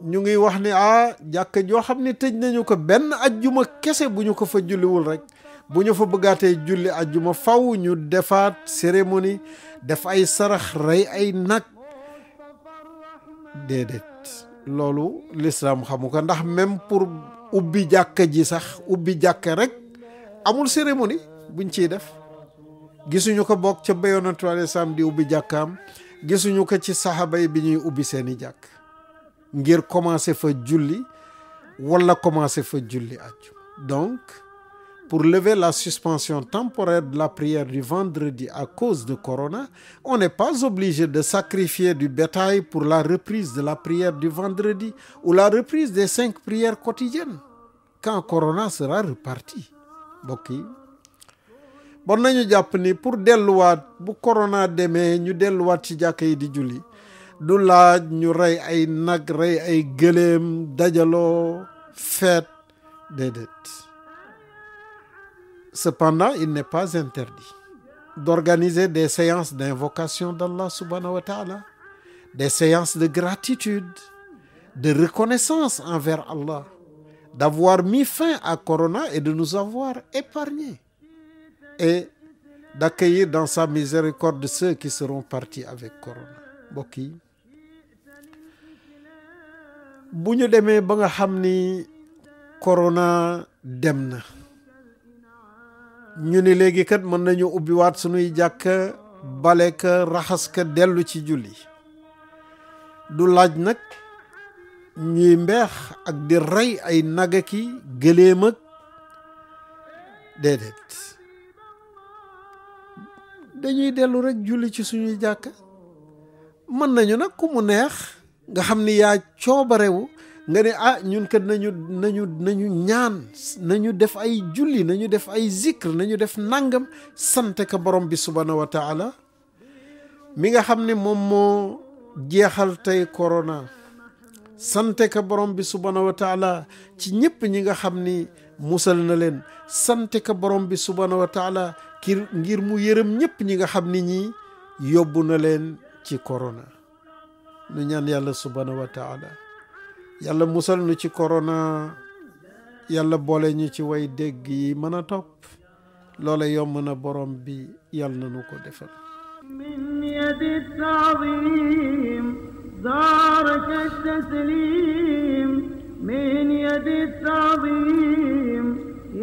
ñu ngi wax ni ah jàkk joo xam ne tëj nañu ko benn ajjuma kese bu ñu ko fa julliwul rek bu ñu fa bëggaatee julli ajjuma faw ñu defaat cérémonie def ay sarax rey ay nag déedéet loolu lislaam xamu ko ndax même pour ubbi jàkka ji sax ubbi jàkka rek amul cérémonie buñ ciy def gisuñu ko bokk ca ba yonentu alayhi salaam di ubbi am gisuñu ko ci saxaaba yi bi ñuy ubbi seeni jàkk ngir commencer fa julli wala commencer fa julli aju donc pour lever la suspension temporaire de la prière du vendredi à cause de corona, on n'est pas obligé de sacrifier du bétail pour la reprise de la prière du vendredi ou la reprise des cinq prières quotidiennes quand corona sera reparti. mbokk yi bon nañu jàpp ni pour delluwaat bu corona demee ñu delluwaat ci jàkka yi di julli du laaj ñu rey ay nag rey ay gëléem dajaloo feet déedéet. Cependant, il n'est pas interdit d'organiser des séances d'invocation d'Allah subhanahu wa ta'ala, des séances de gratitude, de reconnaissance envers Allah, d'avoir mis fin à Corona et de nous avoir épargnés et d'accueillir dans sa miséricorde ceux qui seront partis avec Corona mbokk yi bu ñu demee ba nga xam ni Corona dem ñu ni léegi kat mën nañu ubbiwaat sunuy jàkk bale ka raxas ka dellu ci julli du laaj nag ñuy mbeex ak di rey ay naga ki gëléem ak déedéet dañuy dellu rek julli ci suñuy jàkk mën nañu nag ku mu neex nga xam ni yaa coobarewu nga ne ah ñun kat nañu nañu nañu ñaan nañu def ay julli nañu def ay zikr nañu def nangam sante ka borom bi subhanahu wa mi nga xam ne moom moo jeexal tey corona sant ka borom bi subhanahu wa taala ci ñëpp ñi nga xam ni musal na leen sante ka borom bi subhanahu wa taala kir ngir mu yërëm ñëpp ñi nga xam ni ñi yóbbu na leen ci corona ñu ñaan yàlla subhanahu wa yàlla musal nu ci corona yàlla boole ñu ci way dégg yi mën a topp loola yomb na borom bi yàlla na nu ko defal min yadi ta'zim zaraka taslim min yadi ta'zim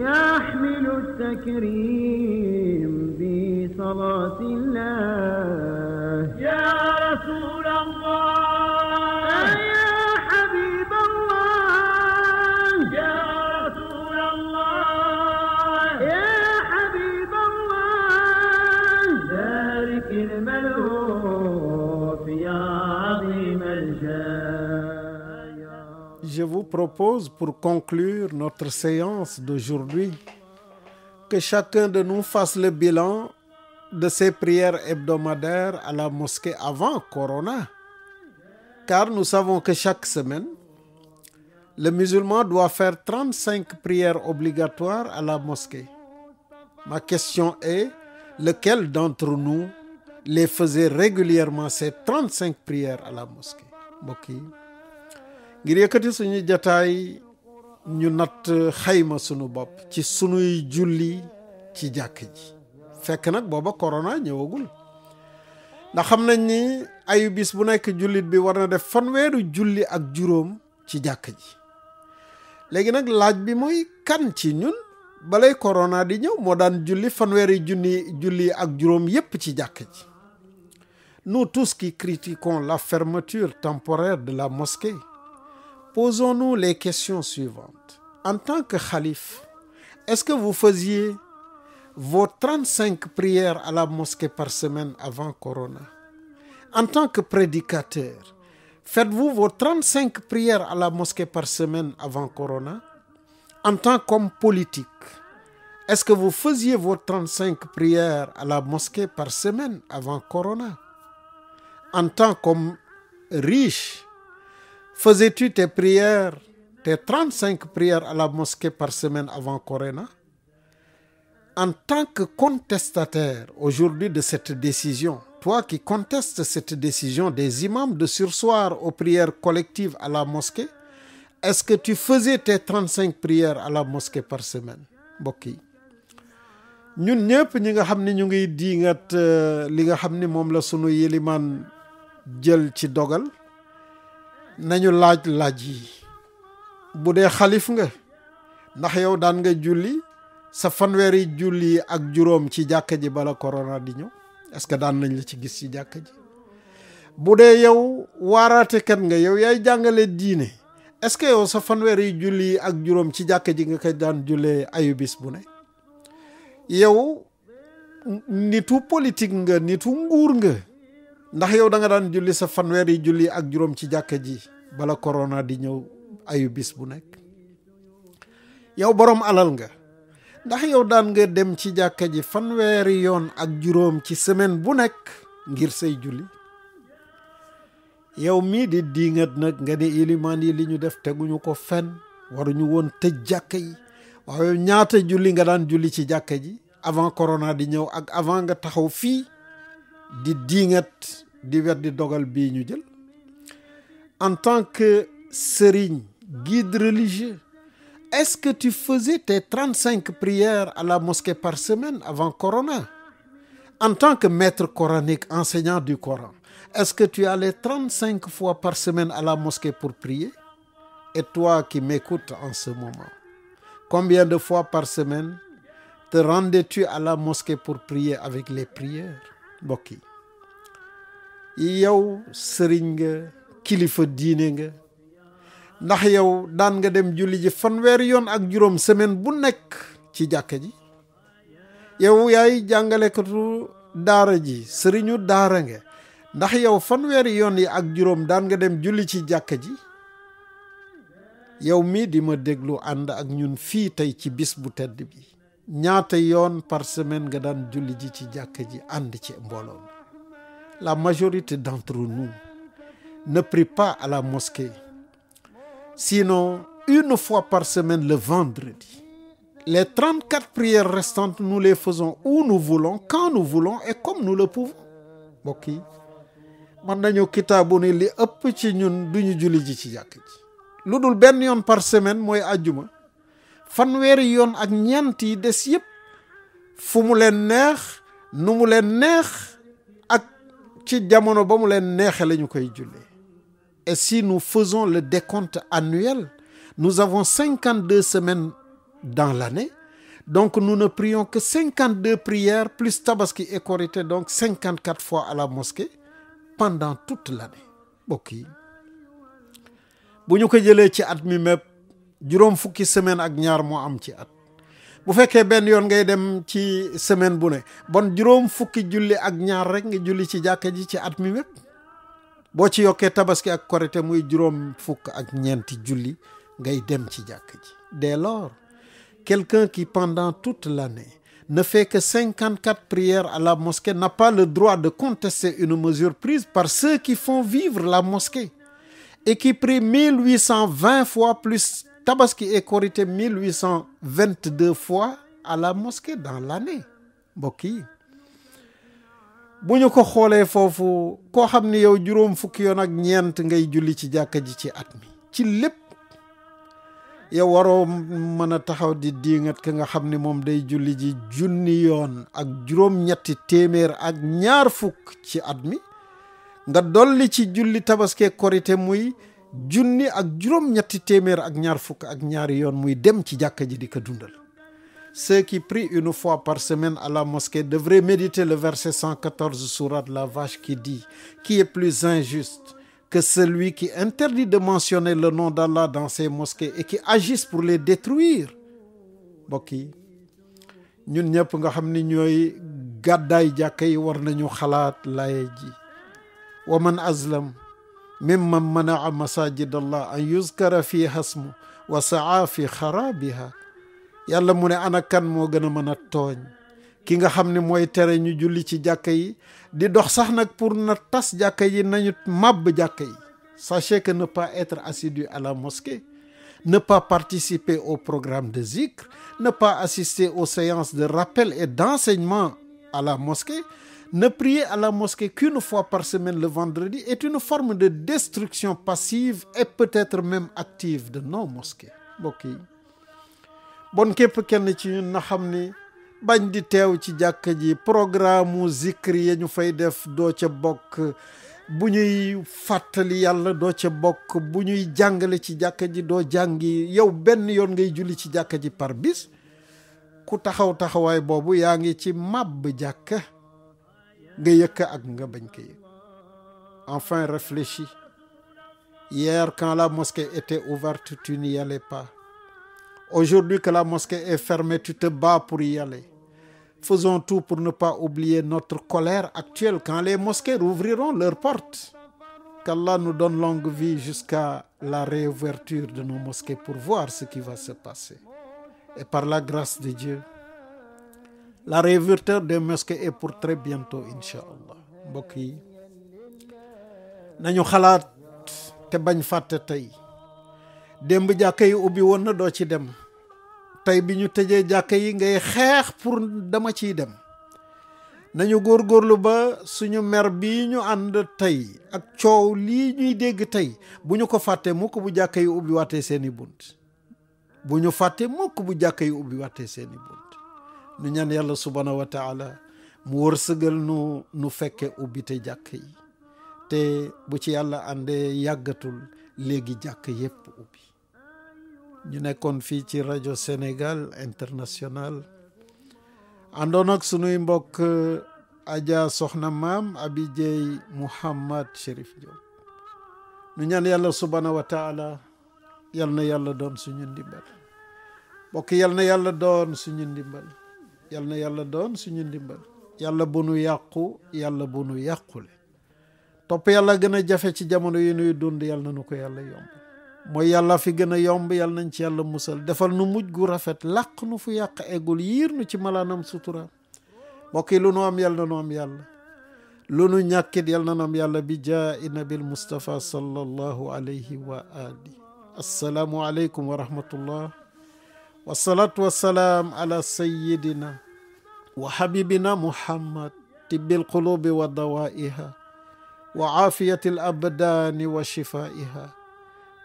yaxmilu takrim bi salatillah ya rasul allah je vous propose pour conclure notre séance d'aujourd'hui que chacun de nous fasse le bilan de ses prières hebdomadaires à la mosquée avant Corona. Car nous savons que chaque semaine, le musulman doit faire trente cinq prières obligatoires à la mosquée. Ma question est, lequel d'entre nous les faisait régulièrement trente cinq prières à la mosquée? Mbokk ngir yëkkati suñu jataay ñu natt xayma sunu bopp ci sunuy julli ci jàkk ji fekk nag booba corona ñëwagul ndax xam nañ ni ayu bis bu nekk jullit bi war na def fanweeru julli ak juróom ci jàkk ji léegi nag laaj bi mooy kan ci ñun balay corona di ñëw moo daan julli fanweeri junni julli ak juróom yépp ci jàkk ji nous tous qui critiquons la fermeture temporaire de la mosquée posons-nous les questions suivantes. En tant que khalife, est-ce que vous faisiez vos cinq prières à la mosquée par semaine avant Corona? En tant que prédicateur, faites-vous vos 35 prières à la mosquée par semaine avant Corona? En tant qu'homme politique, est-ce que vous faisiez vos cinq prières à la mosquée par semaine avant Corona? En tant qu'homme riche, Faisais-tu tes prières, tes cinq prières à la mosquée par semaine avant Corona? En tant que contestataire aujourd'hui de cette décision, toi qui contestes cette décision des imams de surseoir aux prières collectives à la mosquée, est-ce que tu faisais tes cinq prières à la mosquée par semaine? mbokk yi ñun ñëpp ñi nga xam ne ñu ngi diingat euh, li nga xam ne moom la sunu yilimaan jël ci dogal nañu laaj laaj yi bu dee xalif nga ndax yow daan nga julli sa fanweeri julli ak juróom ci jàkka ji bala corona di ñëw est que daan nañ la ci gis ci jàkka ji bu dee yow waaraate ket nga yow yaay jàngale diine est-ce que yow sa fanweeri julli ak juróom ci jàkka ji nga koy daan jullee ayubis bu ne yow nitu politique nga nitu nguur nga ndax yow danga daan julli sa fanweeri julli ak juróom ci jàkka ji bala korona di ñëw ayu bis bu nekk yow boroom alal nga ndax yow daan nga dem ci jàkka ji fanweeri yoon ak juróom ci semaine bu nekk ngir say julli yow mii di diingat nag nga ne ilimaan yi li ñu def teguñu ko fen waruñu woon tëj jàkka yi waaye ñaata julli nga daan julli ci jàkka ji avant corona di ñëw ak avant nga taxaw fii di diingat di dogal bii ñu jël en tant que sëriñ guide religieux est-ce que tu faisais tes trente-cinq prières à la mosquée par semaine avant Corona en tant que maître coranique enseignant du Coran est-ce que tu allais trente-cinq fois par semaine à la mosquée pour prier et toi qui m'écoutes en ce moment combien de fois par semaine te rendais-tu à la mosquée pour prier avec les prières mbokk yi yow sëriñ nga kilifa diine nga ndax yow daan nga dem julli ji fanweeri yoon ak juróom semaine bu nekk ci jàkka ji yow yaay jàngalekatu daara ji sëriñu daara nga ndax yow fanweeri yoon yi ak juróom daan nga dem julli ci jàkka ji yow mii di ma déglu ànd ak ñun fii tey ci bis bu tedd bi ñaata yoon par semaine nga daan julli ji ci jàkk ji ànd ci mbooloo la majorité d'entre nous ne prie pas à la mosquée sinon une fois par semaine le vendredi les 34 prières restantes nous les faisons où nous voulons quand nous voulons et comme nous le pouvons mbokk yi mën nañu kitaabu ni li ëpp ci ñun duñu julli ji ci jàkk lu dul benn yoon par semaine mooy àjjuma fanweeri yoon ak ñeent yi des yëpp fu mu leen neex nu mu leen neex ak ci jamono ba mu leen neexee lañu koy jullee et si nous faisons le décompte annuel nu avons cinquante deux semaines dans l'année donc nu ne prions que cinquante deux prières plus tabaski écorité donc cinquante quatre fois à la mosquée pendant toute l'année mbokk yi bu ñu ko jëlee ci at mi juróom fukki semaine ak ñaar moo am ci at bu fekkee benn yoon ngay dem ci semaine bu ne bon juróom fukki julli ak ñaar rek nga julli ci jàkka ji ci at mi mépp boo ci yokkee tabaski ak korite muy juróom fukk ak ñeenti julli ngay dem ci jàkka ji dès lors quelqu'un qui pendant toute l'année na fekk que 54 prières à la mosquée n'a pas le droit de contester une mesure prise par ceux qui font vivre la mosquée et qui prient 1820 fois plus tabaski et mille cent vingt 1822 fois à la mosquée dans l'année mbokk yi bu ñu ko xoolee foofu koo xam ni yow juróom fukki yoon ak ñeent ngay julli ci jàkka ji ci at mi ci lépp yow waroo mën a taxaw di diingat ki nga xam ni moom day julli ji junni yoon ak juróom-ñetti téeméer ak ñaar fukk ci at mi nga dolli ci julli tabaski korité muy junni ak juróom-ñetti téeméer ak ñaar fukk ak ñaari yoon muy dem ci jàkka ji di ko dundal ceux qui prient une fois par semaine à la mosquée devraient méditer le verset 114 sourate la vache qui di qui est plus injuste que celui qui interdit de mentionner le nom d'Allah dans ses mosquées et qui agisse pour les détruire mbokk yi ñun ñëpp nga xam ni ñooy gàddaay jàkka yi war nañu xalaat laye ji wa man azlam mimman manaa masajid allah an yuzkara fiha ismu wa saa fi xarabiha yàlla mu ne ana kan moo gën a mën a tooñ ki nga xam ne mooy tere ñu juli ci jàkka yi di dox sax nag pour na tas jàkka yi nañu mab jàkka yi sachez que ne pas être assidu à la mosquée ne pas participer au programme de zikr ne pas assister aux séances de rappel et d'enseignement à la mosquée Ne prier à la mosquée qu'une fois par semaine le vendredi est une forme de destruction passive et peut-être même active de nos mosquées mbokk yi bon képp kenn ci ñun na xam ni bañ di teew ci jàkk ji programme mu zikri ya ñu fay def doo ca bokk bu ñuy fàttali yàlla doo ca bokk bu ñuy jàngale ci jàkk ji doo jàngi yow benn yoon ngay julli ci jàkk ji par bis ku taxaw taxawaay boobu yaa ngi ci màbb jàkk nga ak nga bañ ko yëg enfin réfléchis hier quand la mosquée était ouverte tu n'y allais pas aujourd'hui que la mosquée est fermée tu te bats pour y aller faisons tout pour ne pas oublier notre colère actuelle quand les mosquées rouvriront leurs portes qu'Allah nous donne longue vie jusqu'à la réouverture de nos mosquées pour voir ce qui va se passer et par la grâce de Dieu la réouverture des mosquées et pour très bientôt incha allah mbokk yi nañu xalaat te bañ fàtte tey démb jàkka yi ubbi woon na doo ci dem tey bi ñu tëjee jàkka yi ngay xeex pour dama ciy dem nañu góor góorlu ba suñu mer bi ñu ànd tey ak coow lii ñuy dégg tey bu ñu ko fàttee mukk bu jàkka yi ubbi waatee seeni bunt bu ñu fàttee mukk bu jàkka yi ubbi waatee seeni bunt nu ñaan yàlla subhaanahu wataala taala mu wërsëgal nu nu fekke ubbite jàkk yi te bu ci yàlla àndee yàggatul léegi jàkk yépp ubbi ñu nekkoon fii ci rajo Sénégal international àndoon ak sunuy mbokk Adja Soxna Maam Abi Jeey Mouhamad Chérif Diop nu ñaan yàlla subhaanahu wataala taala yal na yàlla doon suñu ndimbal mbokk yal na yàlla doon suñu ndimbal yal na yàlla doon suñu ndimbal yàlla bu nu yàqu yàlla bu nu yàqule topp yàlla gën a jafe ci jamono yi nuy dund yal na nu ko yàlla yomb mooy yàlla fi gën a yomb yal nañ ci yàlla musal defal nu muj gu rafet làq nu fu yàq eggul yiir nu ci malaanam sutura mbokk yi lu nu am yal na nu yàlla lu nu ñàkkit yal na noom am yàlla bi jaa i nabil mustafa sallallahu alayhi wa ali assalaamu aleykum wa rahmatullah wasalaatu wasalaam ala sayidina wa habibina muhammad tibbil qulubi wa dawaa'iha wa caafiyati alabdaani wa shifaa'iha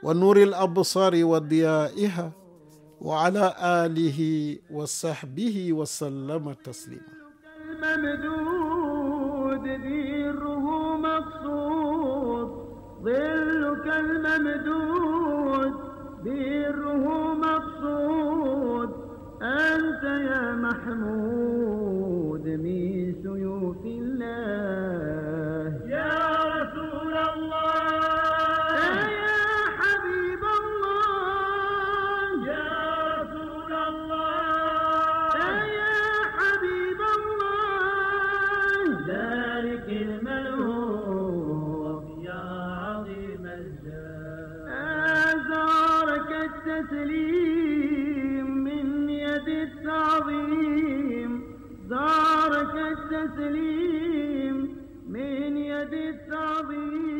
wa nuuri alabsaari wa diyaa'iha wa cala aalihi wa saxbihi wa sallama tasliima ظلك الممدود بيره مقصود أنت يا محمود تسليم من يد التعظيم